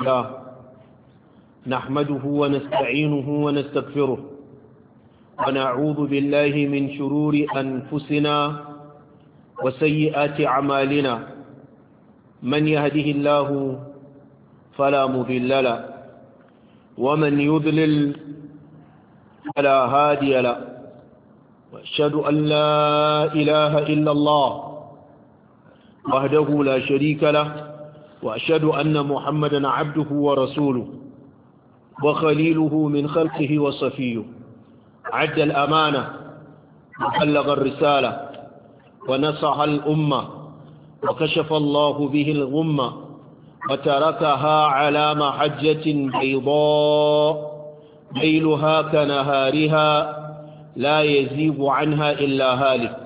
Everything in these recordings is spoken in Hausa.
الله نحمده ونستعينه ونستغفره ونعوذ بالله من شرور أنفسنا وسيئات أعمالنا من يهده الله فلا مذل له ومن يذلل فلا هادي له واشهد أن لا إله إلا الله وحده لا شريك له وأشهد أن محمدا عبده ورسوله وخليله من خلقه وصفيه عد الأمانة وبلغ الرسالة ونصح الأمة وكشف الله به الغمة وتركها على محجة بيضاء ليلها كنهارها لا يزيب عنها إلا هالك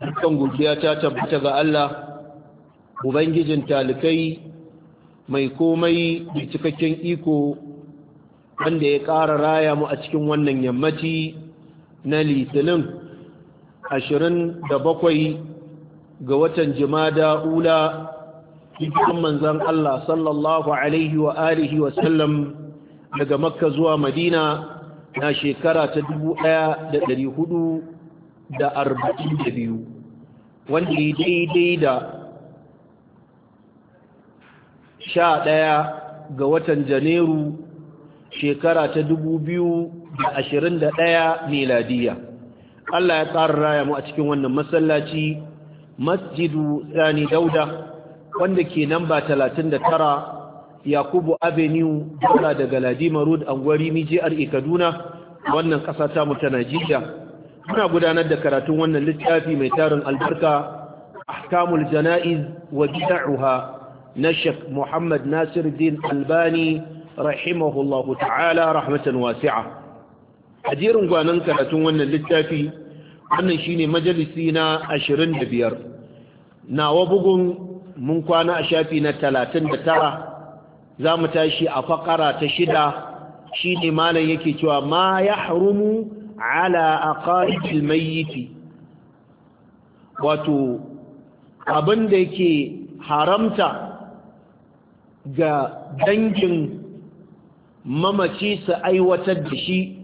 dukkan godiya ta tabbata ga Allah ubangijin talikai mai komai da cikakken iko wanda ya ƙara raya mu a cikin wannan yammaci na litinin 27 ga watan jimada ula cikin manzan Allah sallallahu alaihi wa alihi wa sallam daga makka zuwa madina na shekara ta 1400 da arba'in da biyu wanda ya daidai da sha ɗaya ga watan janairu shekara ta dubu biyu da ashirin da ɗaya meladiya Allah ya tsara raya mu a cikin wannan masallaci masjidu tsani dauda wanda ke nan ba talatin da tara yakubu avenue daura daga ladima road angwari mijiyar kaduna wannan ƙasa ta mu ta najeriya muna gudanar da karatun wannan littafi mai tarin albarka ahkamul jana'iz wa bid'aha na Sheikh Muhammad Nasiruddin Albani rahimahullahu ta'ala rahmatan wasi'a ajerin gwanan karatun wannan littafi wannan shine majalisi na 25 nawa bugun mun kwana a shafi na 39 zamu tashi a fakara ta shida shine malam yake cewa ma yahrumu ala aqaidil mayyit wato abin da yake haramta ga dangin mamaci su aiwatar da shi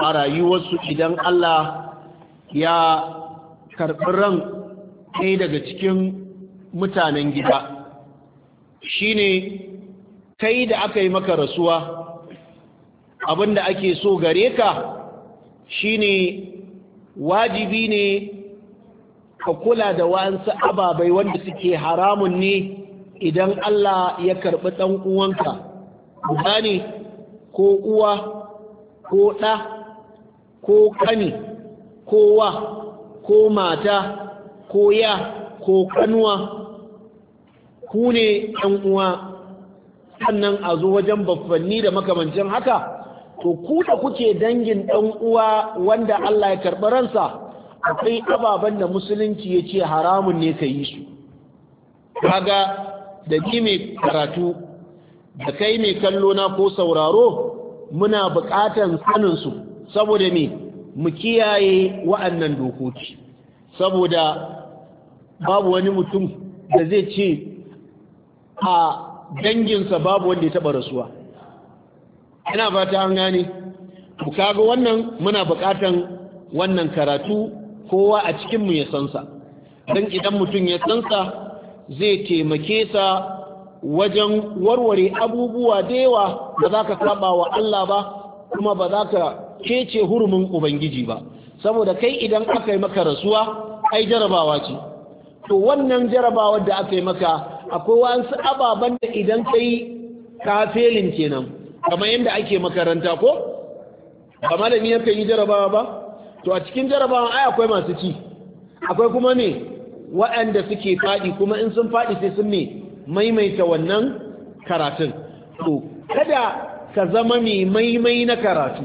a rayuwarsu idan Allah ya karɓi ran ɗaya daga cikin mutanen gida shine kai da aka yi maka rasuwa abin da ake so gare ka shine wajibi ne ka kula da wa'ansu ababai wanda suke haramun ne idan Allah ya karɓi ɗan uwanka ne ko uwa ko ɗa ko kani ko wa ko mata ko ya ko ƙanuwa ku ne ɗan uwa sannan a zo wajen baffanni da makamancin haka to ku da kuke dangin dan uwa wanda Allah ya karɓi ransa akwai ababen da musulunci ya ce haramun ne ka yi su kaga da ni mai karatu da kai mai kallo na ko sauraro muna buƙatan su saboda me mu kiyaye wa'annan dokoki saboda babu wani mutum da zai ce a danginsa babu wanda ya taɓa rasuwa ina fata an gane ku kaga wannan muna buƙatan wannan karatu kowa a cikinmu ya sansa don idan mutum ya sansa zai taimake sa wajen warware abubuwa da yawa ba za ka saba wa Allah ba kuma ba za ka kece hurumin Ubangiji ba saboda kai idan aka yi maka rasuwa ai jarabawa ce to wannan jarabawar da aka yi maka akwai wasu ababen da idan ka yi kafelin kenan kamar yadda ake makaranta ko ba malami yakan yi jarabawa ba to a cikin jarabawa ai akwai masu ci akwai kuma ne waɗanda suke faɗi kuma in sun faɗi sai sun ne maimaita wannan karatun to kada ka zama mai maimai na karatu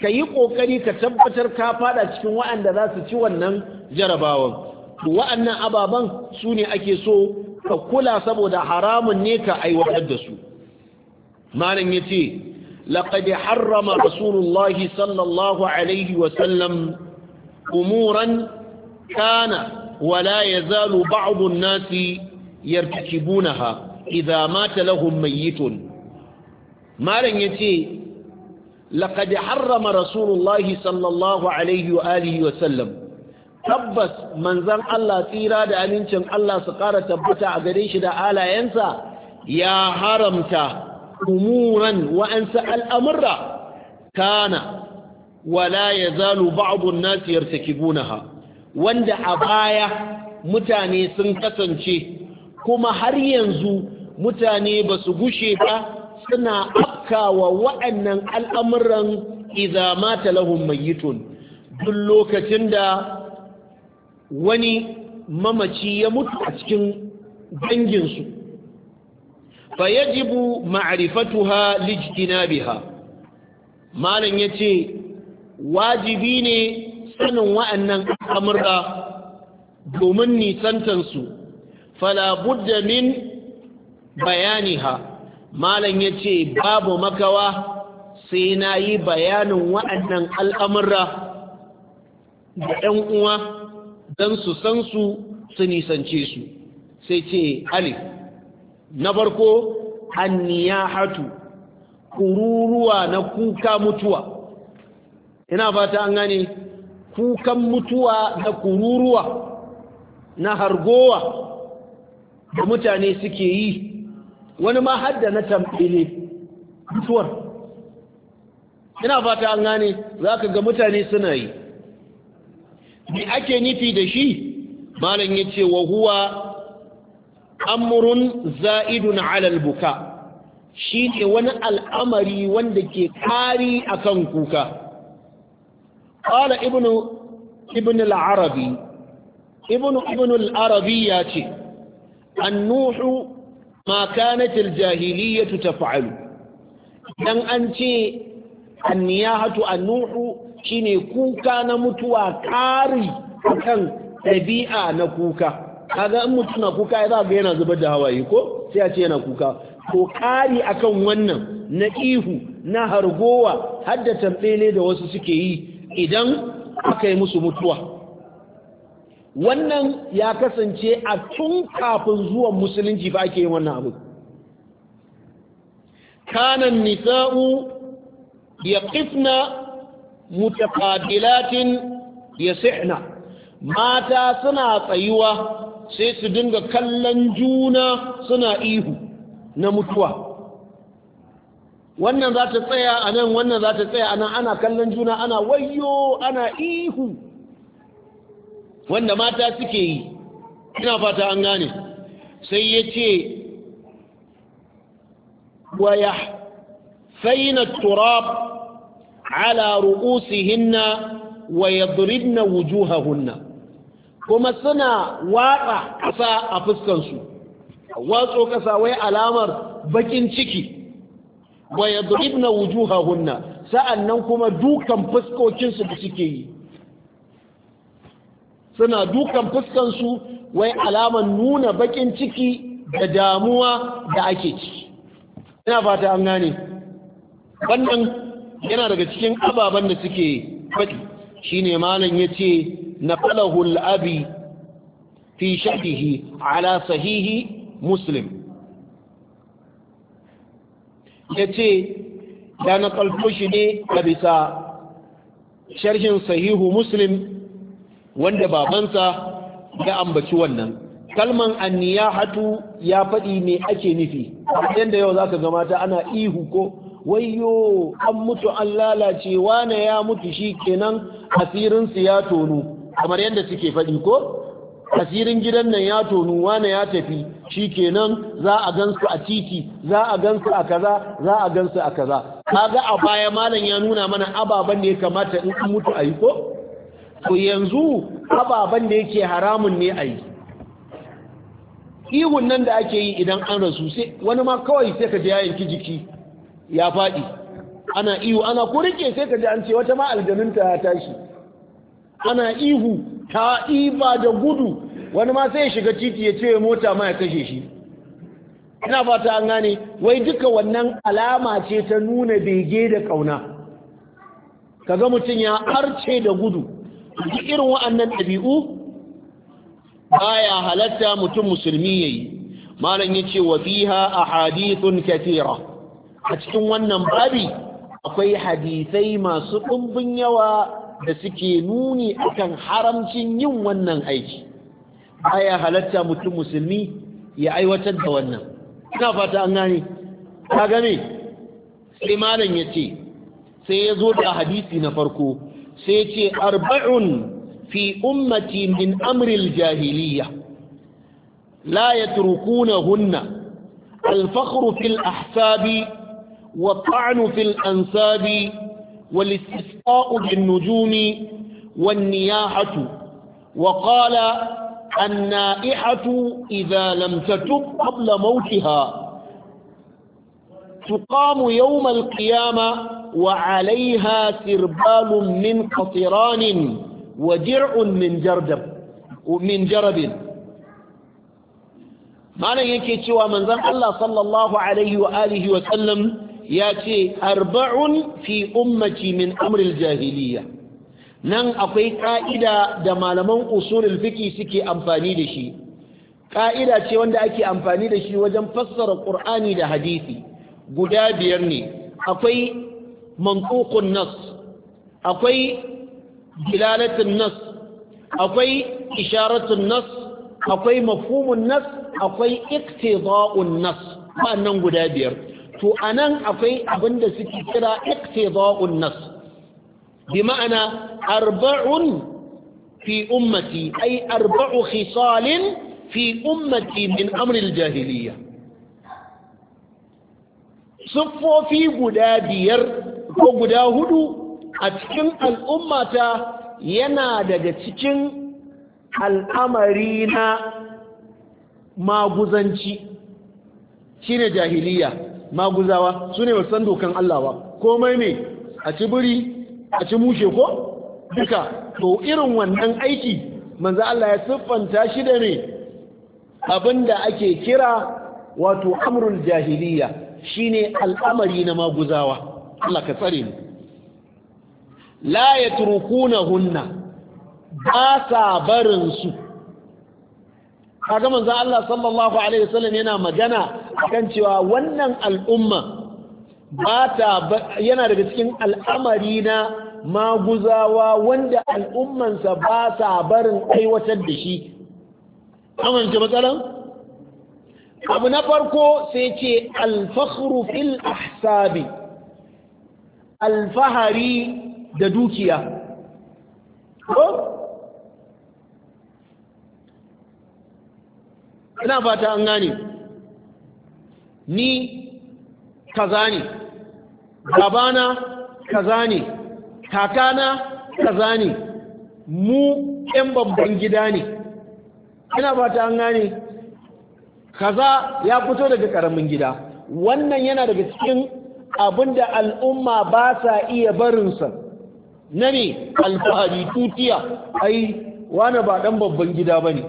ka yi ƙoƙari ka tabbatar ka faɗa cikin waɗanda za su ci wannan jarabawan to waɗannan ababen su ne ake so ka kula saboda haramun ne ka aiwatar da su malam ya ce laƙadi harrama rasulullahi sallallahu alaihi wasallam umuran kana wala ya zalu ba'adun nasi yartakibunaha idza mata lahum mayyitun malam ya ce laƙadi harrama rasulullahi sallallahu alaihi wa alihi wasallam tabbas manzan Allah tsira da amincin Allah su ƙara tabbata a gare shi da alayensa ya haramta umuran wa'ansa al'amurra kana wala ya zalu ba'adun nasu yartakibunaha wanda a baya mutane sun kasance kuma har yanzu mutane ba su gushe ba suna afkawa wa'annan al'amuran idza mata lahum mayyitun duk lokacin da wani mamaci ya mutu a cikin danginsu fayajibu ma'rifatuha lijtinabiha malam yace wajibi ne sanin wa'annan amurka domin nisantansu fala budda min bayaniha malam yace babu makawa sai na yi bayanin wa'annan al'amurra da ‘yan uwa don su san su su nisance su sai ce alif na farko hatu, kururuwa na kuka mutuwa ina fata an gane kukan mutuwa da kururuwa na hargowa da mutane suke yi wani ma hadda na tambele mutuwar ina fata an gane za ka ga mutane suna yi me ake nufi da shi malam ya ce wa huwa amrun za'idun alal buka shi ne wani al'amari wanda ke kari akan kuka ƙala ibn al'arabi ibn ibn al'arabi ya ce annuhu ma kanatil ta fa'alu dan an ce anniyahatu annuhu shine kuka na mutuwa kari akan ɗabi'a na kuka kaga in mutum na kuka za ga yana zubar da hawaye ko sai a ce yana kuka ko kari akan wannan na ihu na hargowa har da tambele da wasu suke yi idan aka yi musu mutuwa wannan ya kasance a tun kafin zuwan musulunci ba ake yin wannan abu kanan nisa'u yaqifna ya yasihna mata suna tsayuwa sai su dinga kallon juna suna ihu na mutuwa wannan za ta tsaya a nan wannan za ta tsaya a nan ana kallon juna ana wayo ana ihu wanda mata suke yi ina fata an gane sai ya ce waya faina turab ala ru'usihinna wa yadribna wujuhahunna kuma suna watsa ƙasa a fuskansu watso ƙasa wai alamar bakin ciki wa yadribna wujuhahunna sa'annan kuma dukan fuskokinsu da suke yi suna dukan fuskansu wai alamar nuna bakin ciki da damuwa da ake ciki ina fata an gane wannan yana daga cikin ababen da suke faɗi shine malam yace نقله الأبي في ala sahihi صحيح مسلم yace da na kalfo ne a bisa sharhin sahihu muslim wanda babansa ya ambaci wannan kalman anniya anniyahatu ya faɗi ne ake nufi yadda yau zaka zama ta ana ihu ko Wai wayyo an mutu an lalacewa na ya mutu shi kenan asirinsu ya tonu kamar yadda suke faɗi ko asirin gidan nan ya tonu wane ya tafi shi kenan za a gansu a titi za a gansu a kaza za a gansu a kaza kaga a baya malam ya nuna mana ababan da ya kamata in an mutu a yi ko to yanzu ababan da yake haramun ne a yi ihun nan da ake yi idan an rasu sai wani ma kawai sai ka ji ya yanki jiki ya faɗi ana iyo ana ko rike sai ka ji an ce wata ma aljanun ta tashi ana ihu ta iba da gudu wani ma sai ya shiga titi ya ce mota ma ya kashe shi ina fata an gane wai duka wannan alama ce ta nuna bege da kauna kaga mutum ya arce da gudu duk irin wa'annan ɗabi'u baya halatta mutum musulmi yayi malam yace wa fiha ahadithun kathira a cikin wannan babi akwai hadisai masu ɗumbin yawa da suke nuni akan haramcin yin wannan aiki baya halatta mutum musulmi ya aiwatar da wannan ina fata an gane Ta game sai malam ya ce sai ya zo da hadisi na farko sai ce arba'un fi ummati min amril jahiliya la yatrukunahunna al-fakhru fil ahsabi wa ta'nu fil ansabi والاستسقاء بالنجوم والنياحة وقال النائحة إذا لم تتب قبل موتها تقام يوم القيامة وعليها سربال من قطران ودرع من جردب من جرب ما لن يكي تشوى من ذنب الله صلى الله عليه وآله وسلم ya ce arba'un fi ummati min amril jahiliya nan akwai ƙa'ida da malaman usulul fiki suke amfani da shi ƙa'ida ce wanda ake amfani da shi wajen fassara ƙur'ani da hadisi guda biyar ne akwai mantukun nas akwai dilalatin nas akwai isharatun nas akwai mafhumun nas akwai iktida'un nas Ba nan guda biyar to anan akwai abinda suke kira iktida'un nas bi ma'ana arba'un fi ummati Ai arba'u khisalin fi ummati min amril jahiliya. jahiliyya siffofi guda biyar ko guda hudu a cikin al'ummata yana daga cikin al'amari na maguzanci shine jahiliya maguzawa su ne wasan dokan Allah ba komai ne a ci buri, a ci mushe ko duka to irin wannan aiki manzo Allah ya siffanta shi da ne abinda ake kira wato amrul jahiliya shine al'amari na maguzawa Allah ka tsare ni la yatrukunahunna ba sa barin su kaga manzon Allah sallallahu alaihi wasallam yana magana kan cewa wannan al'umma ba ta yana daga cikin al'amari na maguzawa wanda al'ummansa ba sa barin aiwatar da shi amince matsalan abu na farko sai ce alfahru fil ahsabi alfahari da dukiya ina fata an gane ni kaza ne babana kaza ne kakana kaza ne mu 'yan babban gida ne ina fata an gane kaza ya fito daga ƙaramin gida wannan yana daga cikin abinda al'umma ba sa iya barinsa na ne alfahari tutiya ai wane ba ɗan babban gida ba ne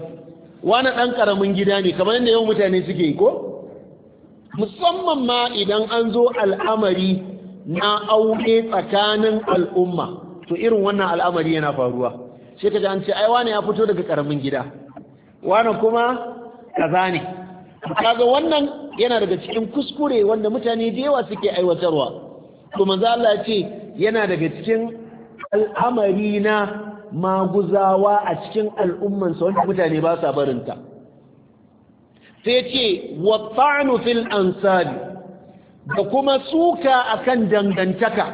wani ɗan ƙaramin gida ne kamar yadda yau mutane suke ko musamman ma idan an zo al'amari na aure tsakanin al'umma to irin wannan al'amari yana faruwa sai an ce ai wani ya fito daga ƙaramin gida wani kuma kaza ne kaga wannan yana daga cikin kuskure wanda mutane da yawa suke aiwatarwa to manzo Allah ce yana daga cikin al'amari na maguzawa a cikin al'ummansa wanda mutane ba sa barinta sai ce wa fil ansari da kuma suka akan dangantaka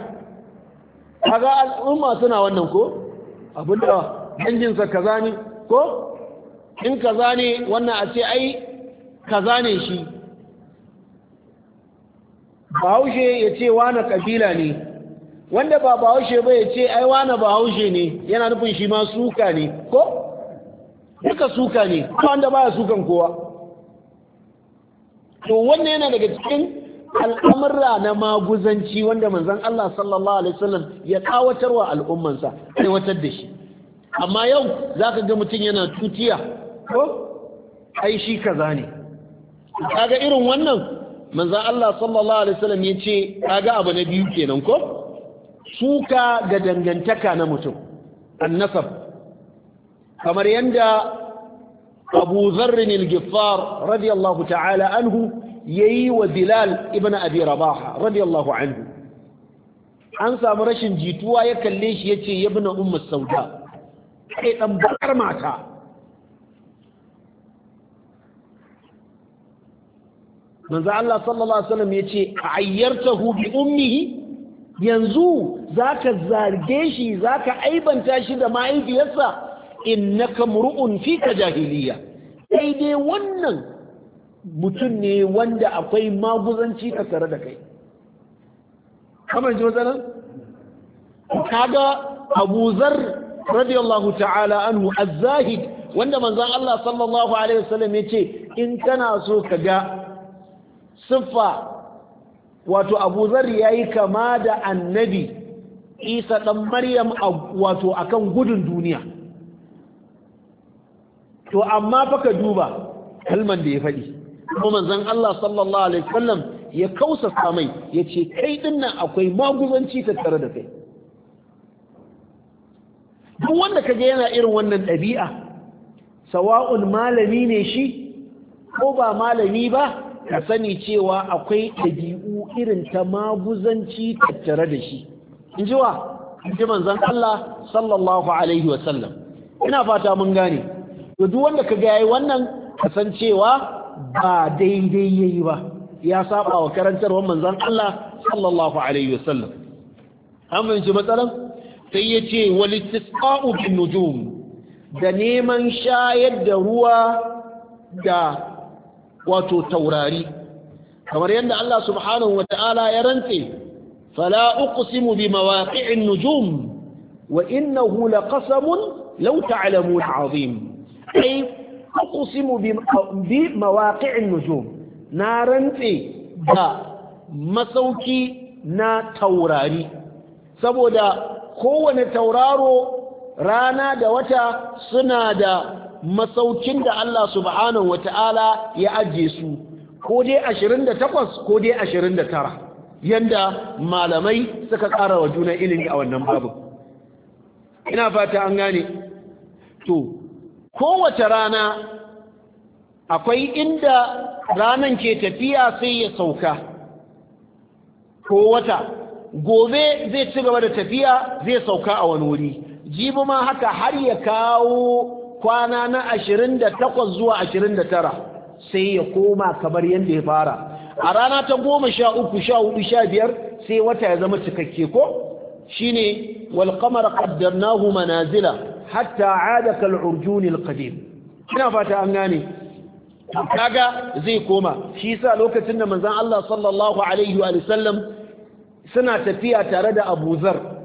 kaga al'umma suna wannan ko abinda danginsa kaza ne ko in kaza ne wannan a ce ai kaza ne shi bahaushe ya ce wani kabila ne wanda ba bahaushe ba ya ce ai wane bahaushe ne yana nufin shi ma suka ne ko duka suka ne ko wanda baya sukan kowa to wannan yana daga cikin al'amurra na maguzanci wanda manzan Allah sallallahu alaihi wasallam ya wa al'ummansa aiwatar da shi amma yau za ka ga mutum yana tutiya ko ai shi kaza ne kaga irin wannan manzan Allah sallallahu alaihi wasallam ya ce kaga abu na biyu kenan ko suka ga dangantaka na mutum annasab kamar yadda abu zarrin al radiyallahu ta'ala anhu yayi wa bilal ibn abi rabah radiyallahu anhu an samu rashin jituwa ya kalle shi yace ibn Umar sauda kai ɗan bakar mata manzo Allah sallallahu ce a yace ayyartahu bi ummihi yanzu za ka zarge shi za ka aibanta shi da mahaifiyarsa na mur'un fi ka jahiliya Daidai dai wannan mutum ne wanda akwai maguzanci ka tare da kai kamar ji matsalan kaga abu zar radiyallahu ta'ala anhu az-zahid wanda manzan Allah sallallahu alaihi wasallam ce in kana so ka ga siffa wato abu zar ya yi kama da annabi isa ɗan maryam wato akan gudun duniya to amma baka duba kalman da ya faɗi kuma zan Allah sallallahu alaihi wasallam ya kausa samai ya ce kai dinnan akwai maguzanci tattare da kai duk wanda ga yana irin wannan ɗabi'a sawa'un malami ne shi ko ba malami ba ka sani cewa akwai ɗabi'u irin ta maguzanci tattare da shi in ji wa ji Allah sallallahu alaihi wa sallam ina fata mun gane to duk wanda kaga yayi wannan Ka san cewa ba daidai yayi ba ya saba wa karantarwar manzon Allah sallallahu alaihi wa sallam an ji matsalan sai ya ce walittisqa'u bin nujum da neman shayar da ruwa da wato taurari kamar yadda Allah subhanahu wa ta'ala ya rantse fala uqsimu bi mawaqi'in nujum wa innahu laqasamun law ta'lamun 'azim ai uqsimu bi mawaqi'in nujum na rantse da masauki na taurari saboda kowane tauraro rana da wata suna da masaukin da Allah subhanahu wata'ala ya ajiye su ko dai 28 ko dai 29 yanda malamai suka ƙara wa juna ilimi a wannan babu ina fata an gane to kowace rana akwai inda ranan ke tafiya sai ya sauka ko wata gobe zai ci gaba da tafiya zai sauka a wani wuri jibi ma haka har ya kawo kwana na takwas zuwa da tara sai ya koma kamar yadda ya fara a rana ta goma sha uku sha hudu sha biyar sai wata ya zama cikakke ko shine wal qamara qaddarnahu manazila hatta aada kal qadim ina fata an gane kaga zai koma shi sa lokacin da manzon Allah sallallahu alaihi wa sallam suna tafiya tare da Abu Zar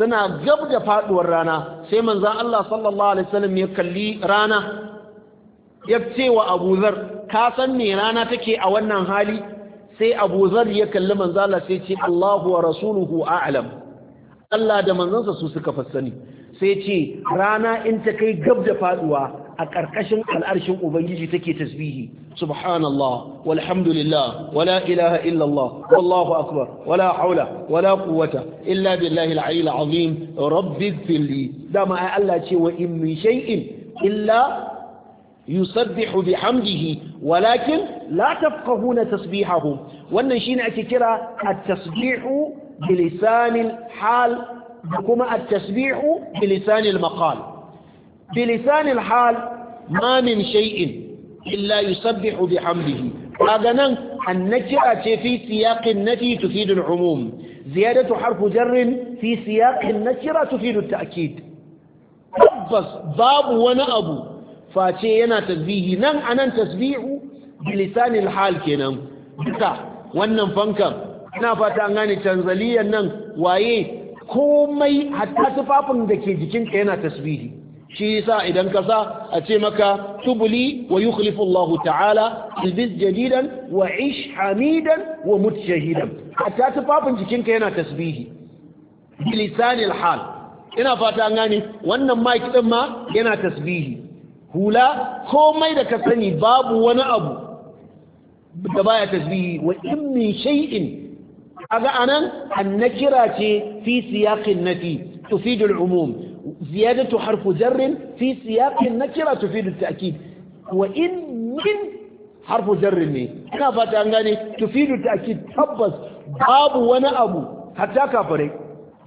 suna gab da faduwar rana sai manzan Allah sallallahu alaihi wasallam ya kalli rana ya ce wa ka san me rana take a wannan hali sai abuzar ya kalli manzan Allah sai ce Allahu wa rasuluhu Allah da manzansa su suka fassani sai ce rana in ta kai gab da faduwa a ƙarƙashin al'arshin ubangiji take tasbihi subhanallah walhamdulillah wala ilaha illallah wallahu akbar wala haula wala quwwata illa billahi al-aliyyil azim rabbi fili dama ai Allah ce wa in min shay'in illa yusabbihu bihamdihi walakin la tafqahuna tasbihahum wannan shine ake kira at-tasbihu bilisanil hal kuma at-tasbihu bilisanil maqal bilisanil hal ma min shay'in illa yusabbihu bihamdihi kaga nan annakira ce fi siyaqin nafi tufidu al-umum ziyadatu harfu jarrin fi siyaqin nakira tufidu at-ta'kid tabbas babu wani abu face yana tasbihi nan anan tasbihu bilisanil hal kenan duka wannan fankan ina fata an gane tanzaliyan nan waye komai hatta tufafin da ke jikinta yana tasbihi shi yasa idan ka sa a ce maka tubuli wa yukhlifu Allah ta'ala ilbis jadidan wa ish hamidan wa mut shahidan hatta tufafin jikinka yana tasbihi bilisanil hal ina fata an gane wannan mic din ma yana tasbihi hula komai da ka sani babu wani abu da baya tasbihi wa in min shay'in kaga anan annakira ce fi siyaqin nafi tufidul umum ziyadatu harfu jarrin fi siyaqin nakira tufidu ta'kid wa in min harfu jarrin ne ina fata an gane tufidu ta'kid tabbas babu wani abu hatta kafare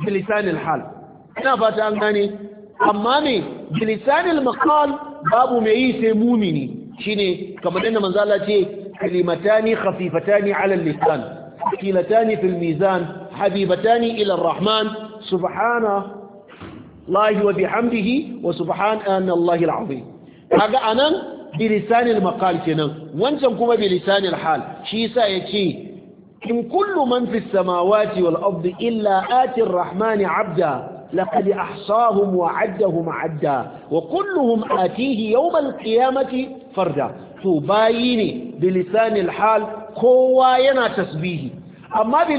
bilisanil hal ina fata an gane amma ne bilisanil maqal babu mai yi sai mumini shine kamar yadda manzo Allah ce kalimatani khafifatani ala lisan kilatani fil mizan habibatani ila rahman subhana الله وبحمده وسبحان الله العظيم kaga anan nan, lisanil maqal kenan wancan kuma bi hal shi sa yace in kullu man fis samawati wal ardi illa atir rahmani abda laqad ahsahum wa addahum adda wa kulluhum atihi yawm al qiyamati farda to bayi bilisanil hal kowa yana tasbihi amma bi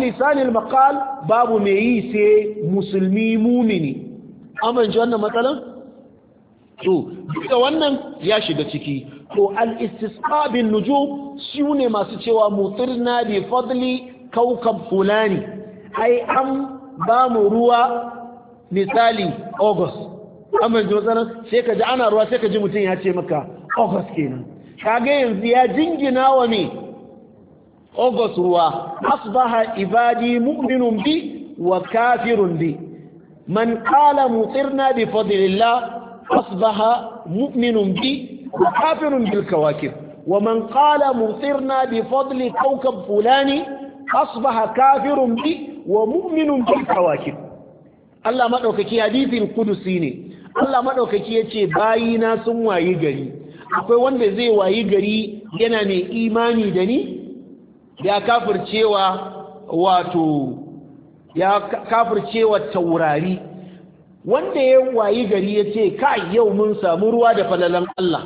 maqal babu mai yi sai musulmi mumini amince wannan matsalan to duka wannan ya shiga ciki to al-istisqa bin nujum su masu cewa mutirna bi fadli kaukab fulani ai an ba mu ruwa misali august amince matsalan sai ka ji ana ruwa sai ka ji mutum ya ce maka august kenan kaga yanzu ya jingina wa ne august ruwa asbaha ibadi mu'minun bi wa kafirun bi man qala mutirna bi fadlillah asbaha mu'minun bi kafirun bil kawakib wa man qala mutirna bi fadli kawkab fulani asbaha kafirun bi wa mu'minun bil kawakib Allah madaukaki hadithin kudusi ne Allah madaukaki yace bayina sun wayi gari akwai wanda zai wayi gari yana ne imani da ni ya kafircewa wato ya cewa taurari wanda ya wayi gari ya ce kai yau mun samu ruwa da falalan Allah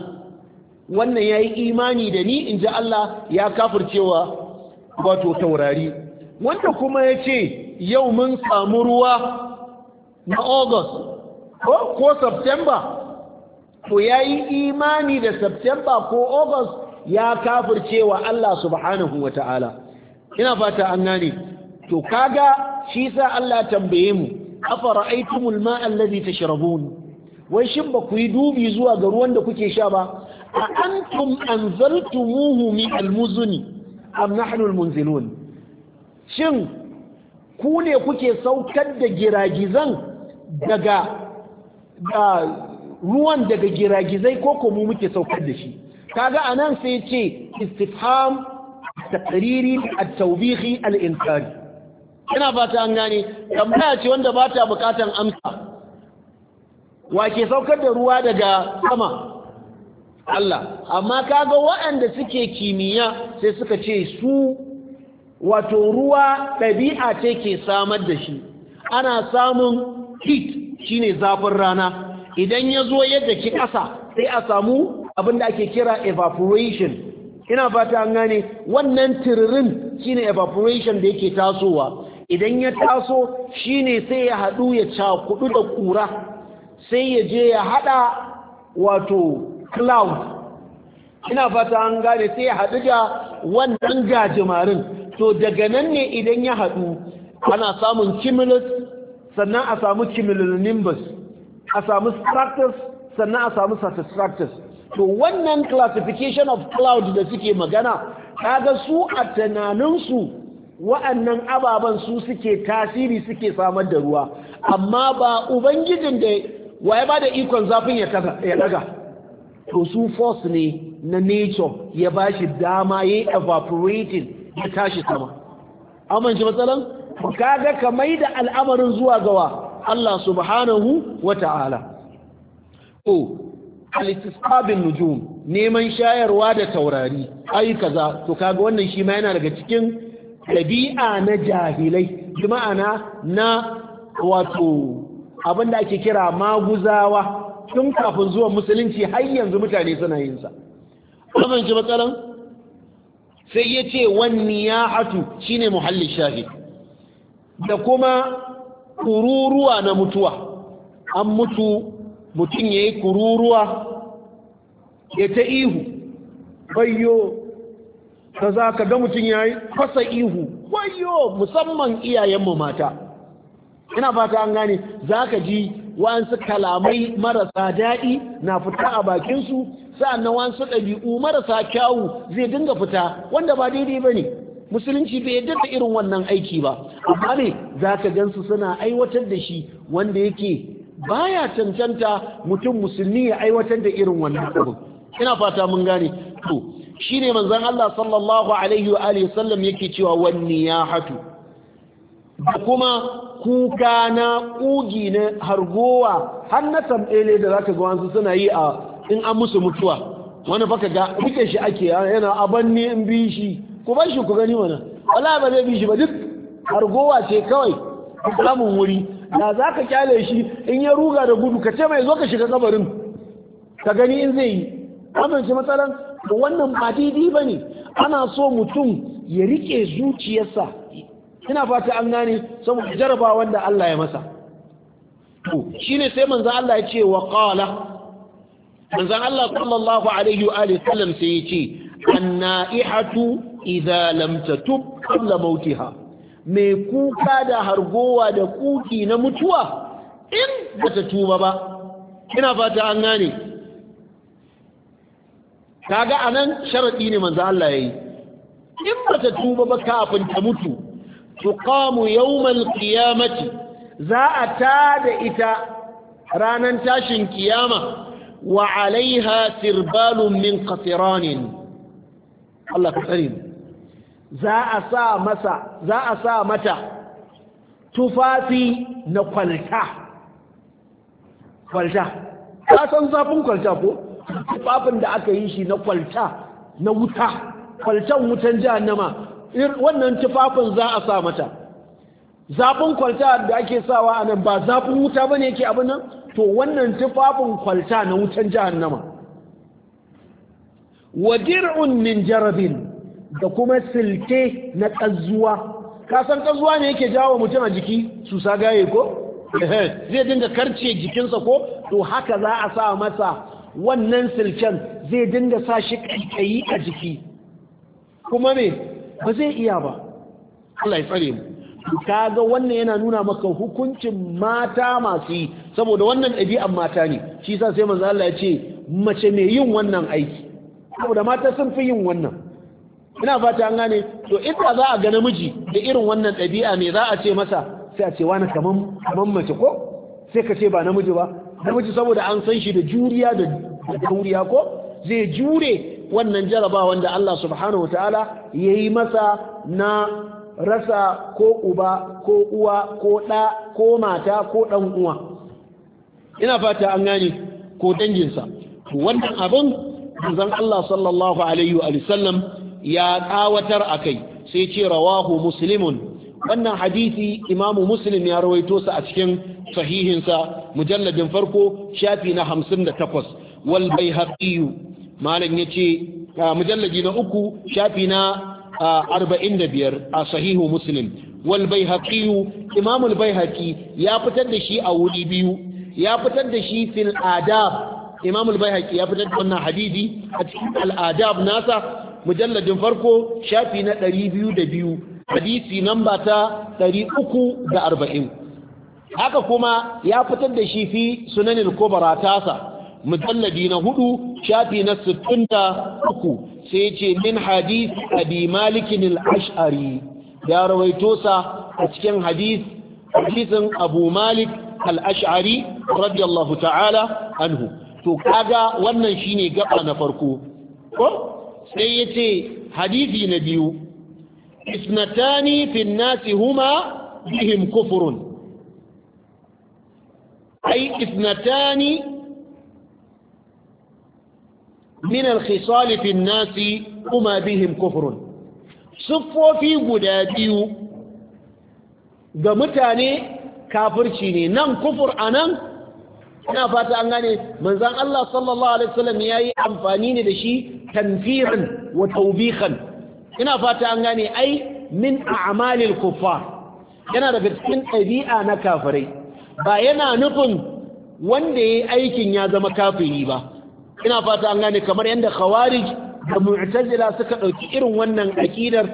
wannan ya yi imani da ni in ji Allah ya cewa wato taurari wanda kuma ya ce yau mun samu ruwa na august ko september to ya yi imani da september ko august ya cewa Allah subhanahu wa ta'ala ina fata an gane to kaga shi sa Allah tambaye mu afara'aytumul ma'a alladhi tashrabun wai shin ba ku yi dubi zuwa ga ruwan da kuke sha ba a antum anzaltumuhu min almuzni am nahnu almunzilun shin ku ne kuke saukar da giragizan daga da ruwan daga giragizai ko ko mu muke saukar da shi kaga anan sai ce istifham taqriri a tawbihi al-inkari ina fata an gane tambaya ce wanda ba ta bukatan amsa ke saukar da ruwa daga sama Allah amma kaga waɗanda suke kimiyya sai suka ce su wato ruwa ɗabi'a ce ke samar da shi ana samun heat shine zafin rana idan ya zo yadda ki ƙasa sai a samu abin da ake kira evaporation ina fata an gane wannan tiririn shine evaporation da yake tasowa idan ya taso shi ne sai ya haɗu ya cakudu da ƙura sai ya je ya haɗa wato cloud ina fata an gane sai ya haɗu da wannan gajimarin to daga nan ne idan ya haɗu ana samun cumulus sannan a samu cumulonimbus a samu stratus sannan a samu satisfactus to wannan classification of cloud da suke magana kaga su a tunaninsu wa'annan ababen su suke tasiri suke samar da ruwa amma ba ubangijin da waye ba da ikon zafin ya daga to su force ne na nature ya ba shi dama ya evaporating ya tashi sama amince matsalan kaga ka mai da al'amarin zuwa gawa Allah subhanahu wa ta'ala to nujum neman shayarwa da taurari ayi kaza to kaga wannan shi ma yana daga cikin ɗabi'a na jahilai juma'ana na wato abinda ake kira maguzawa tun kafin zuwa musulunci har yanzu mutane suna yin sa kaman shi matsalan sai ya ce wani ya hatu shine muhallin shahid da kuma kururuwa na mutuwa an mutu mutum ya yi kururuwa ya ta ihu bayyo ta za ka ga mutum ya yi fasa ihu wayo musamman iyayenmu mata ina fata an gane za ji wansu kalamai marasa daɗi na fita a bakinsu na wansu ɗabi'u marasa kyawu zai dinga fita wanda ba daidai ba ne musulunci bai yadda da irin wannan aiki ba amma ne zaka ka gansu suna aiwatar da shi wanda yake baya cancanta mutum musulmi ya aiwatar da irin wannan abu ina fata mun gane to Shi ne manzon Allah sallallahu alaihi wa Alaihi sallam yake cewa wanni ya hatu da kuma kuka na kugi na hargowa har na tambele da ka ga wasu suna yi a in an musu mutuwa wani baka ga rike shi ake yana ne in bi shi ku ban shi ku gani mana wala ba zai bi shi ba duk hargowa ce kawai samun wuri Na za ka kyale shi in ya ruga da gudu ka ce mai zo ka shiga kabarin ka gani in zai yi amince matsalan to wannan ba daidai ba ne ana so mutum ya rike zuciyarsa ina fata an gane saboda jaraba wanda Allah ya masa to ne sai manzon Allah ya ce wa qala Manzan Allah sallallahu alaihi wa alihi sallam sai ya ce annaihatu idza lam tatub qabla mautiha mai kuka da hargowa da kuki na mutuwa in bata tuba ba ina fata an gane kaga anan sharadi ne manzo Allah yayi in bata tuba ba kafin ta mutu tuqamu yawmal qiyamati za a tada ita ranan tashin kiyama wa alaiha sirbalun min qatiranin Allah ka za a sa masa za a sa mata tufafi na kwalta kwalta ka san zafin kwalta ko tufafin da aka yi shi na kwalta na wuta kwaltan wutan jahannama wannan tufafin za a sa mata zafin kwalta da ake sawa a nan ba zafin wuta ba ne ke abin nan to wannan tufafin kwalta na wutan jahannama wadir'un min jarabin da kuma silte na ƙazuwa kasan ƙazuwa ne yake jawo mutum a jiki su gaye ko zai dinga karce jikinsa ko to haka za a sa masa wannan silken zai dinda sa shi kankayi a jiki kuma me ba zai iya ba Allah ya tsare mu kaga wannan yana nuna maka hukuncin mata masu yi saboda wannan ɗabi'an mata ne shi sa sai manzo Allah ya ce mace mai yin wannan aiki saboda mata sun fi yin wannan ina fata an gane to inda za a ga namiji da irin wannan ɗabi'a ne za a ce masa sai a ce wani kaman kaman mace ko sai ka ce ba namiji ba namiji saboda an san shi da juriya da juriya ko zai jure wannan jarabawan da Allah subhanahu wataala yayi masa na rasa ko uba ko uwa ko ko mata ko ɗan uwa ina fata an gane ko danginsa wannan abin zan Allah sallallahu alaihi wa sallam ya ƙawatar a kai sai ce rawahu muslimun wannan hadisi imamu muslim ya rawaito sa a cikin sahihinsa mujalladin farko shafi na hamsin da takwas wal bai haƙiyu malam ya ce mujallaji na uku shafi na arba'in da biyar a sahihu muslim wal bai haƙiyu imamul bai haƙi ya fitar da shi a wuri biyu ya fitar da shi fil adab imamul bai haƙi ya fitar da wannan hadisi a cikin al'adab nasa mujalladin farko shafi na ɗari biyu da biyu hadisi namba ta 340 haka kuma ya fitar da shi fi sunanin kubara tasa mujalladi na hudu shafi na 63 sai ce min hadis abi malikin al-ash'ari ya rawaito sa a cikin hadis hadisin abu malik al-ash'ari radiyallahu ta'ala anhu to kaga wannan shine gaba na farko ko sai yace hadisi na biyu isnatani fin nasi huma ai isnatani min alkhisali fin nasi huma bihim kufurun siffofi guda biyu ga mutane kafirci ne nan kufur a nan ina fata an gane manzan Allah sallallahu Alaihi wasallam ya yi amfani ne da shi tanfiran wa taubikan ina fata an gane ai min a'malil kuffar yana daga cikin ɗabi'a na kafirai ba yana nufin wanda yayi aikin ya zama kafiri ba ina fata an gane kamar yanda khawarij da mu'tazila suka dauki irin wannan akidar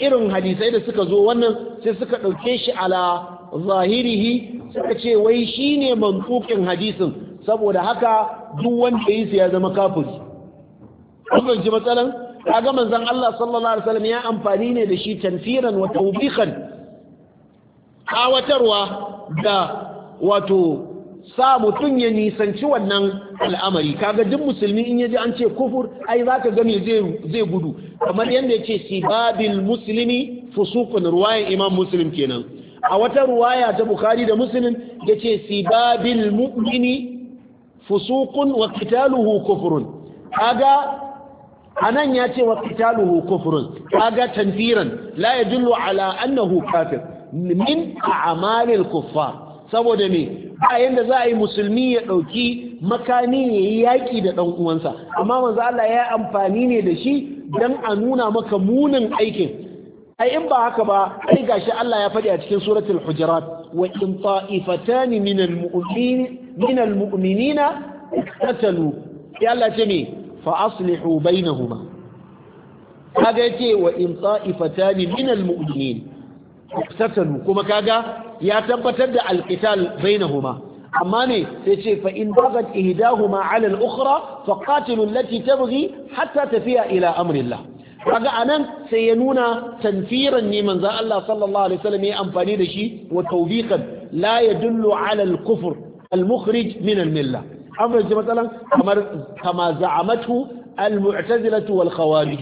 irin hadisai da suka zo wannan sai suka dauke shi ala zahirihi suka ce wai shine mantukin hadisin saboda haka duk wanda yayi ya zama kafiri kun ji matsalan kaga manzon Allah sallallahu alaihi wasallam ya amfani ne da shi tanfiran wa tawbikan kawatarwa da wato sa mutum ya nisanci wannan al'amari kaga duk musulmi in yaji an ce kufur ai zaka ga me zai gudu kamar yadda yake sibabil muslimi fusuqun ruwayan imam muslim kenan a wata ruwaya ta bukhari da muslim yace sibabil mu'mini fusuqun wa qitaluhu kufrun kaga anan ya ce wa qitaluhu kufrun kaga tanfiran la yadullu ala annahu kafir min a'malil kuffar saboda me ba yanda za a yi musulmi ya dauki makami ya yi yaƙi da ɗan uwansa amma manzo Allah ya amfani ne da shi dan a nuna maka munin aikin ai in ba haka ba ai gashi Allah ya faɗi a cikin suratul hujurat wa in ta'ifatan min al-mu'minin min al-mu'minina qatalu ya Allah ce me fa aslihu bainahuma kaga yake wa in ta'ifatan min almu'minin iqtatalu kuma kaga ya tabbatar da alqital bainahuma amma ne sai ce fa in bagat ihdahuma ala al-ukhra fa qatilu allati tabghi hatta tafiya ila amrillah kaga anan sai ya nuna tanfiran ne manzo Allah sallallahu alaihi wasallam ya amfani da shi wa tawbiqan la yadullu ala al kufur al mukrij min al an fahimci matsalan kamar kama za'amatu al-mu'tazilatu wal khawarij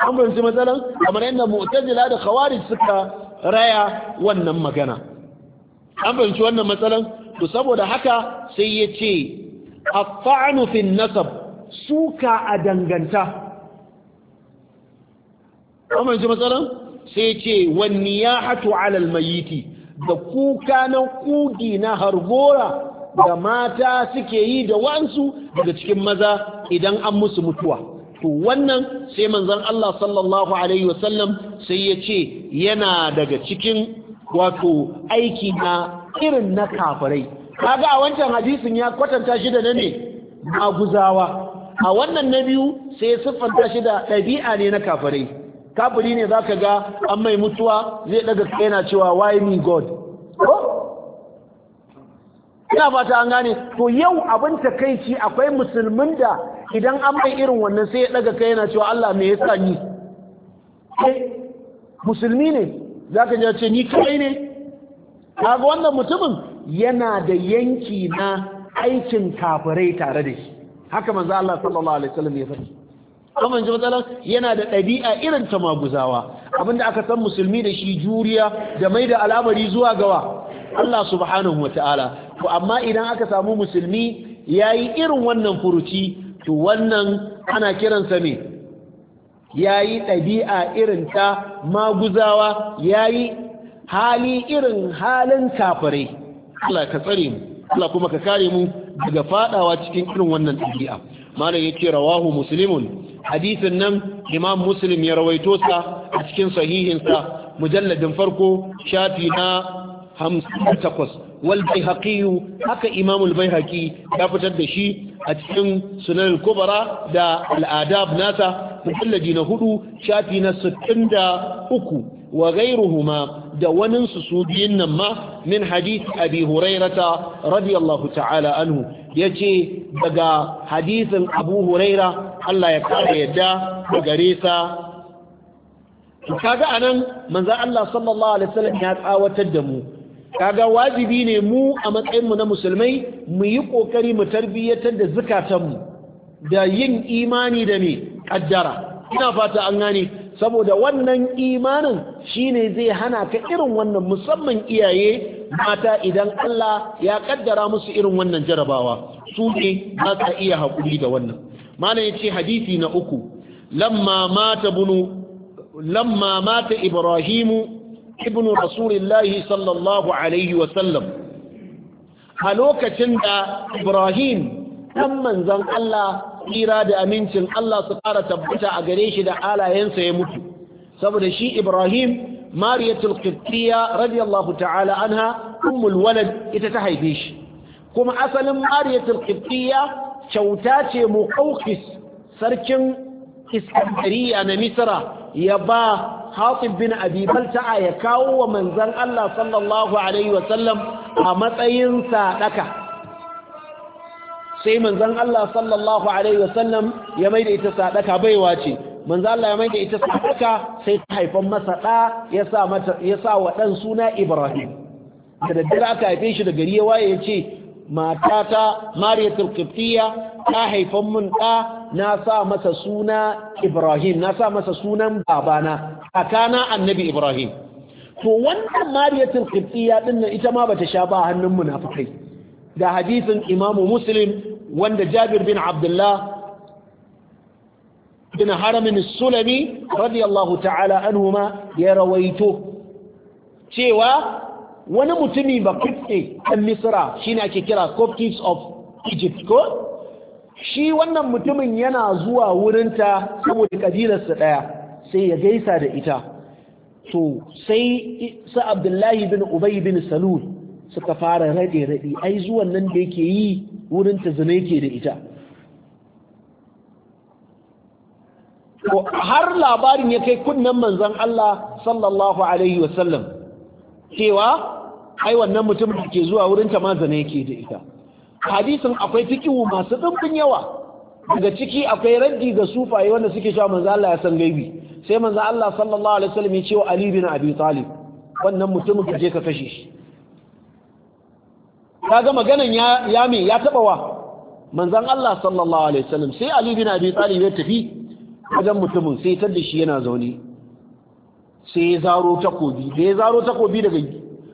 an fahimci matsalan kamar yadda mu'tazila da khawarij suka raya wannan magana an fahimci wannan matsalan to saboda haka sai ya ce a fa'anufin nasab suka a danganta an fahimci matsalan sai ya ce wani ya 'ala al-mayyiti da kuka na kugi na hargora da mata suke yi da wansu daga cikin maza idan an musu mutuwa to wannan sai manzon Allah sallallahu alaihi wasallam sai ya ce yana daga cikin wato aiki na irin na kafirai kaga a wancan hadisin ya kwatanta shi da ne maguzawa a wannan na biyu sai siffanta shi da ɗabi'a ne na kafirai kafiri ne za ka ga an mai mutuwa zai daga yana cewa why me god ina fata an gane to yau abin takaici akwai musulmin da idan an mai irin wannan sai ya daga kai yana cewa Allah me yasa ni eh, musulmi ne zaka ji ce ni kai ne kaga wannan mutumin yana da yanki na aikin kafirai tare da shi haka manzo Allah sallallahu alaihi wasallam ya faɗi kuma ji matsalar yana da ɗabi'a irin ta maguzawa abinda aka san musulmi da shi juriya da mai da al'amari zuwa gawa Allah subhanahu wa ta'ala to amma idan aka samu musulmi yayi irin wannan furuci to wannan ana kiransa ne yayi ɗabi'a irin ta maguzawa yayi hali irin halin kafirai Allah ka tsare mu Allah kuma ka kare mu daga fadawa cikin irin wannan ɗabi'a malam yace rawahu musulmin. hadisin nan imam muslim ya rawaito sa a cikin sahihinsa mujalladin farko shafi na hamsin takwas wal bayhaqiyu haka imamul bai haƙi ya fitar da shi a cikin sunan kubara da al'adab nasa mujalladi na hudu shafi na sittin da uku wa ghairuhuma da wani su su biyun nan ma min hadith abi hurairata radiyallahu ta'ala anhu ce daga hadithin abu huraira Allah ya kare yadda da gare sa kaga anan manzo Allah sallallahu alaihi wasallam ya tsawatar da mu kaga wajibi ne mu a matsayinmu na musulmai mu yi ƙoƙari mu tarbiyyatar da zukatanmu da yin imani da ne kaddara ina fata an gane saboda wannan imanin shine zai hana ka irin wannan musamman iyaye mata idan Allah ya ƙaddara musu irin wannan jarabawa su ne ba ka iya haƙuri da wannan malam ya ce hadisi na uku lamma lamma mata ibrahimu ibn rasulillahi sallallahu alaihi wasallam a lokacin da ibrahim ɗan manzan Allah tsira da amincin Allah su ƙara tabbata a gare shi da alayensa ya mutu saboda shi ibrahim mariyatul qibtiyya radiyallahu ta'ala anha ummul walad ita ta haife shi kuma asalin mariyatul qibtiyya kyauta ce muqawqis sarkin iskandariya na misra ya ba Hatib bin Abi Balta'a ya kawo wa manzon Allah sallallahu alaihi wasallam a matsayin sadaka sai manzon Allah sallallahu alaihi wasallam ya maida ita sadaka baiwa ce manzon Allah ya maida ita sadaka sai ta haifan masa da ya sa mata ya sa wa dan suna Ibrahim da daddare aka haife shi da gari ya waye ya ce matata mariyatul kiftiya ta haifan mun ɗa na sa masa suna ibrahim na sa masa sunan babana kakana annabi ibrahim to wannan mariyatul kiftiya din ita ma bata sha ba hannun munafikai da hadisin imamu muslim wanda jabir bin abdullah bin haramin sulami radiyallahu ta'ala anhuma ya rawaito cewa wani mutumi ba kitse ɗan shi ne ake kira coptics of egypt ko shi wannan mutumin yana zuwa wurinta saboda kabilarsa ɗaya sai ya gaisa da ita to sai sa abdullahi bin ubay bin salul suka fara rade rade ai zuwan nan da yake yi wurinta zina yake da ita har labarin ya kai kunnan manzon Allah sallallahu alaihi wasallam cewa ai wannan mutum da ke zuwa wurin ta mazana yake da ita hadisin akwai fikihu masu dimbin yawa daga ciki akwai raddi ga sufaye wanda suke cewa manzo Allah ya san gaibi sai manzo Allah sallallahu alaihi wasallam ya ce wa Ali bin Abi Talib wannan mutumin ka je ka kashe shi kaga maganan ya ya me ya taba wa manzon Allah sallallahu alaihi wasallam sai Ali bin Abi Talib ya tafi wajen mutumin sai tar da shi yana zaune sai ya zaro takobi da ya zaro takobi daga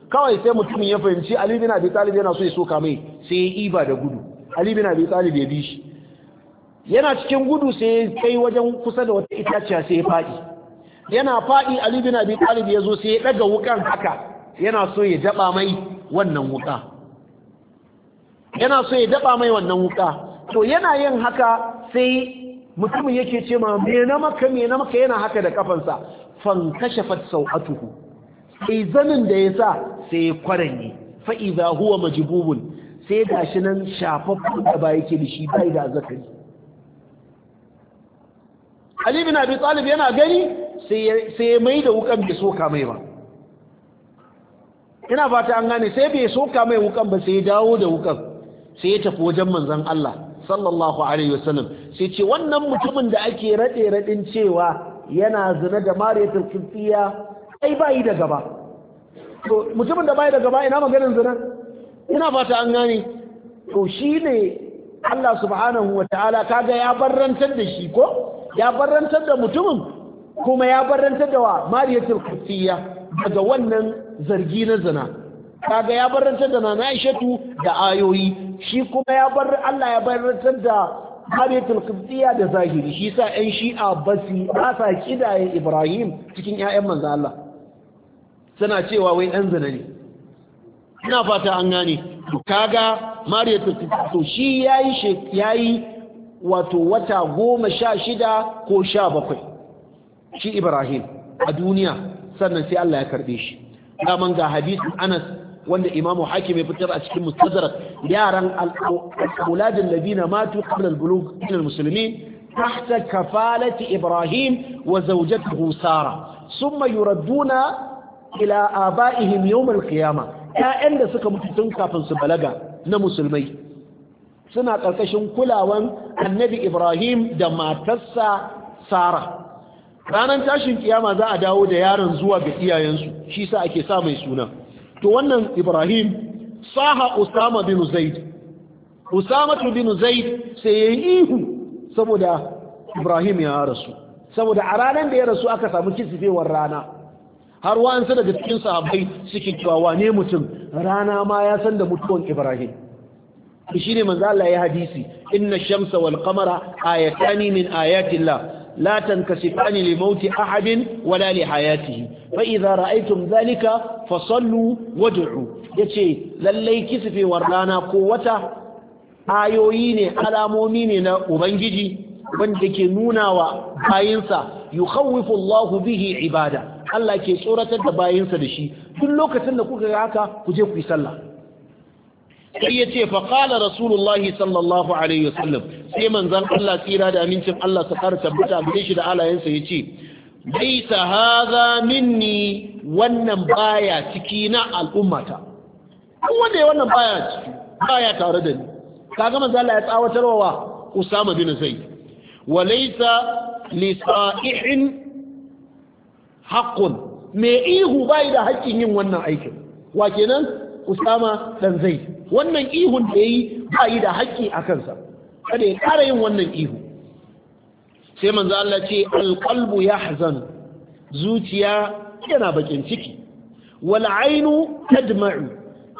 kawai sai mutumin ya fahimci Ali bin Abi Talib yana so ya soka mai sai ya iba da gudu Ali bin Abi Talib ya bi shi yana cikin gudu sai ya kai wajen kusa da wata itaciya sai ya fadi yana fadi Ali bin Abi Talib ya zo sai ya daga wukan haka yana so ya daba mai wannan wuka yana so ya daba mai wannan wuka to yana yin haka sai mutumin yake ce ma me na maka me na maka yana haka da kafansa fan kashafat sau'atuhu sai zanin da ya sa sai ya kwaranye fa'iza huwa majibubun sai ga shi nan shafaffen da ba yake da shi bai da zakari. Ali bin Abi Talib yana gani sai ya mai da wukan bai soka mai ba ina fata an gane sai bai soka mai wukan ba sai ya dawo da wukan sai ya tafi wajen manzon Allah sallallahu alaihi wasallam sai ce wannan mutumin da ake rade radin cewa yana zina da mariyatul kintiya ai bai da gaba to mutumin da bai da gaba ina maganin zina ina fata an gane to ne Allah subhanahu wataala kaga ya barrantar da shi ko ya barrantar da mutumin kuma ya barrantar da wa mariyatul daga wannan zargi na zina kaga ya barrantar da nana Aishatu da ayoyi shi kuma ya bar Allah ya barrantar da mariyatul qibtiyya da zahiri shi sa ƴan shi'a basi ba sa kidaye Ibrahim cikin ƴaƴan manzo Allah suna cewa wai ɗan zina ne ina fata an gane kaga mariya to shi yayi yi wato wata goma sha shida ko sha bakwai shi ibrahim a duniya sannan sai Allah ya karbe shi daman ga hadisin anas wanda imamu hakim ya fitar a cikin mustadrak yaran auladin ladina matu qabla al-bulugh min al-muslimin tahta kafalati ibrahim wa zawjatuhu sara thumma yuraduna ila abaihim yawmal qiyama ƴaƴan da suka mutu tun kafin su balaga na musulmai suna karkashin kulawan annabi Ibrahim da matarsa Sara ranar tashin kiyama za a dawo da yaron zuwa ga iyayensu shi sa ake sa mai suna to wannan Ibrahim saha Usama bin Zaid Usama bin Zaid sai yayi ihu saboda Ibrahim ya rasu saboda a ranar da ya rasu aka samu kisifewar rana har wa'ansu daga cikin sahabbai suke cewa wane mutum rana ma ya san da mutuwan ibrahim shi ne manzo Allah ya hadisi inna shamsa wal qamara ayatani min ayati Allah la tankasifani li mauti ahadin wala li hayatihi fa idza ra'aytum dhalika fasallu wad'u yace lallai kisfewar rana ko wata ayoyi ne alamomi ne na ubangiji wanda ke nuna wa bayinsa yukhawifu Allah bihi ibada Allah ke tsoratar da bayinsa da shi duk lokacin da kuka ga haka ku je ku yi sallah sai ya ce fa qala rasulullah sallallahu alaihi wasallam sai manzon Allah tsira da amincin Allah sa kar tabbata bi shi da alayensa ya ce laisa hadha minni wannan baya ciki na al'ummata wanda ya wannan baya ciki baya tare da ni kaga manzo Allah ya tsawatarwa wa Usama bin Zaid wa laysa li sa'ihin haqqun me ihu bai da haƙƙin yin wannan aikin wa kenan usama dan zai wannan ihun da yayi bai da haƙƙi a kansa kada ya ƙara yin wannan ihu sai manzo Allah ce alqalbu yahzan zuciya yana bakin ciki wal ainu tadma'u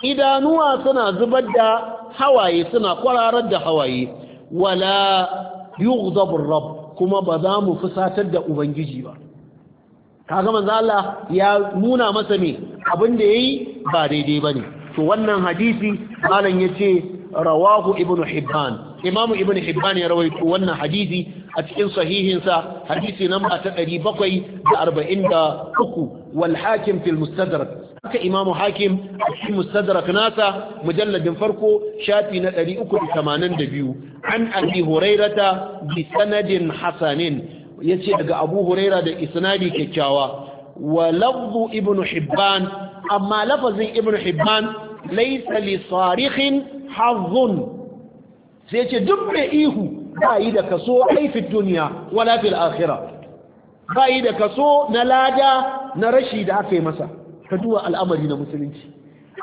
idanuwa suna zubar da hawaye suna kwararar da hawaye wala yughdabu rabb kuma ba za mu fusatar da ubangiji ba kaga manzo Allah ya nuna masa me abin da yayi ba daidai bane to wannan hadisi malam yace rawahu ibnu hibban imamu ibnu hibban ya rawaito wannan hadisi a cikin sahihinsa hadisi namba ta 743 wal hakim fil mustadrak haka imamu hakim a cikin mustadrak nasa mujalladin farko shafi na 382 an abi hurairata bi sanadin hasanin yace daga abu huraira da isnadi kyakkyawa wa lafzu ibn hibban amma lafazin ibn hibban laisa li hazun hazzun sai ce duk mai ihu ba yi da kaso aifin duniya wala fil akhira ba yi da kaso na lada na rashi da aka yi masa ka duwa al'amari na musulunci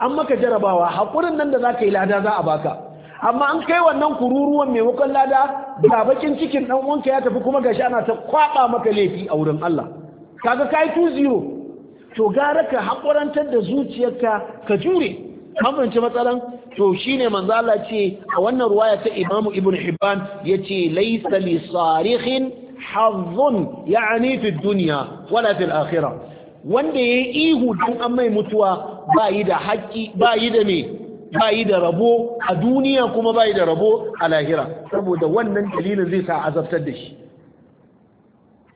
an maka jarabawa haƙurin nan da zaka yi lada za a baka amma an kai wannan kururuwan maimakon lada ga bakin cikin dan uwanka ya tafi kuma gashi ana ta kwaba maka laifi a wurin Allah kaga kai tu zero to gara ka hakurantar da zuciyarka ka jure kamance matsalan to shine manzo Allah ce a wannan ruwaya ta Imam Ibn Hibban yace laysa li sarihin hazzun ya'ni fi dunya wala fil akhirah wanda yayi ihu dan an mai mutuwa ba yi da haƙƙi ba yi da me Ba yi da rabo a duniya kuma bayi da rabo a lahira saboda wannan dalilin zai sa azabtar da shi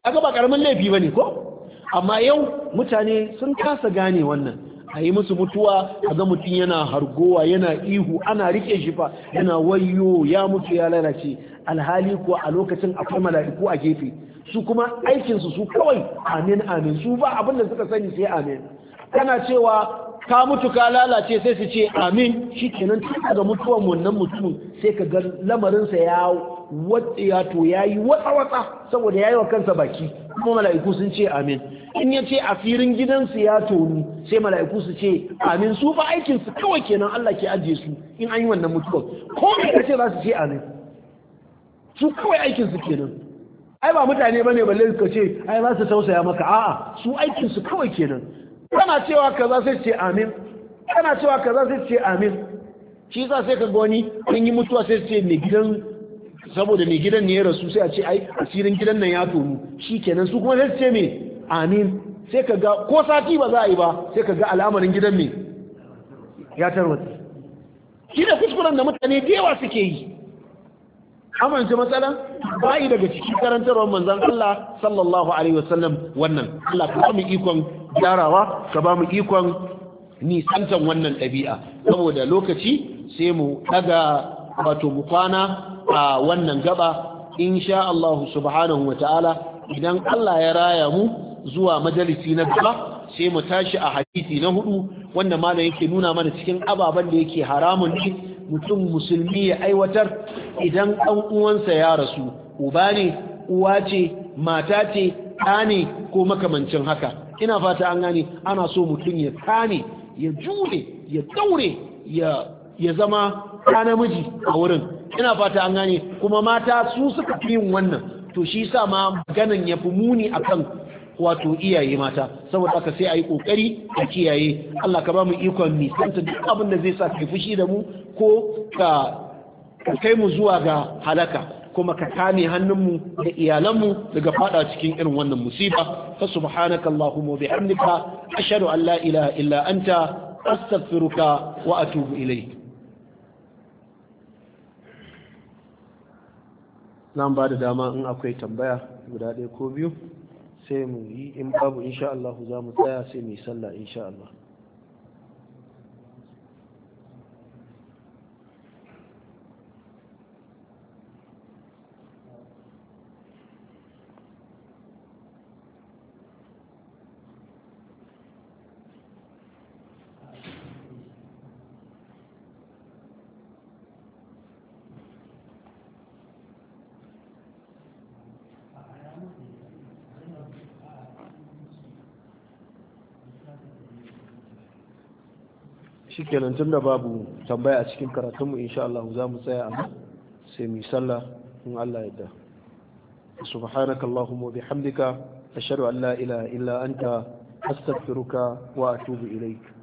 aka ba karamin laifi bane ko amma yau mutane sun kasa gane wannan a yi musu mutuwa a ga mutum yana hargowa yana ihu ana rike shi fa yana wayo ya mutu ya lalace alhali ko a lokacin akwai mala'iku a gefe su kuma aikinsu su kawai amin amin su ba abin da suka sani sai amin kana cewa ka mutu ka lalace sai su ce amin shi kenan tun daga mutuwan wannan mutum sai ka ga lamarinsa ya ya to ya yi watsa-watsa saboda ya yi wa kansa baki kuma mala'iku sun ce amin in ya ce a firin gidansu ya tonu sai mala'iku su ce amin su aikin aikinsu kawai kenan Allah ke ajiye su in an yi wannan mutuwan ko me ka ce za su ce amin su kawai aikinsu kenan ai ba mutane bane balle ka ce ai za su tausaya maka a'a su aikinsu kawai kenan kana cewa kaza sai ce amin kana cewa kaza sai ce amin shi za sai ka wani an yi mutuwa sai ce mai gidan saboda mai gidan ne ya rasu sai a ce ai asirin gidan nan ya tonu shi kenan su kuma sai ce mai amin sai ka ga ko sati ba za a yi ba sai ka ga al'amarin gidan mai ya tarwata shi da kuskuren da mutane da yawa suke yi amince matsala bayi daga cikin karantarwar manzan Allah sallallahu alaihi wasallam wannan Allah ka samu ikon gyarawa ka ba mu ikon nisantan wannan ɗabi'a saboda lokaci sai mu ɗaga wato mu kwana a wannan gaba insha Allah subhanahu wa ta'ala idan Allah ya raya mu zuwa majalisi na gaba sai mu tashi a hadisi na hudu wanda malam yake nuna mana cikin ababen da yake haramun ne mutum musulmi ya aiwatar idan ɗan uwansa ya rasu uba ne uwa ce mata ce ɗa ne ko makamancin haka ina fata an gane ana so mutum ya kame ya jure ya daure ya zama ta namiji a wurin ina fata an gane kuma mata su suka fi yin wannan to shi sa ma ganin ya fi muni akan wato iyaye mata saboda aka sai a yi kokari a kiyaye Allah ka ba mu ikon nisanta duk abin da zai sa ka fushi da mu ko ka kai mu zuwa ga halaka kuma ka kame hannunmu da iyalanmu daga fada cikin irin wannan musiba fa subhanaka allahumma bihamdika ashhadu an la ilaha illa anta astaghfiruka wa atubu ilayk nan ba da dama in akwai tambaya guda ɗaya ko biyu sai mu yi in babu insha Allah za mu tsaya sai mu yi sallah insha Allah shikenan tun da babu tambaya a cikin karatunmu insha Allah za mu tsaya a sai mu sallah in Allah yadda subhanaka allahumma bihamdika ashhadu an la ilaha illa anta astaghfiruka wa atubu ilaik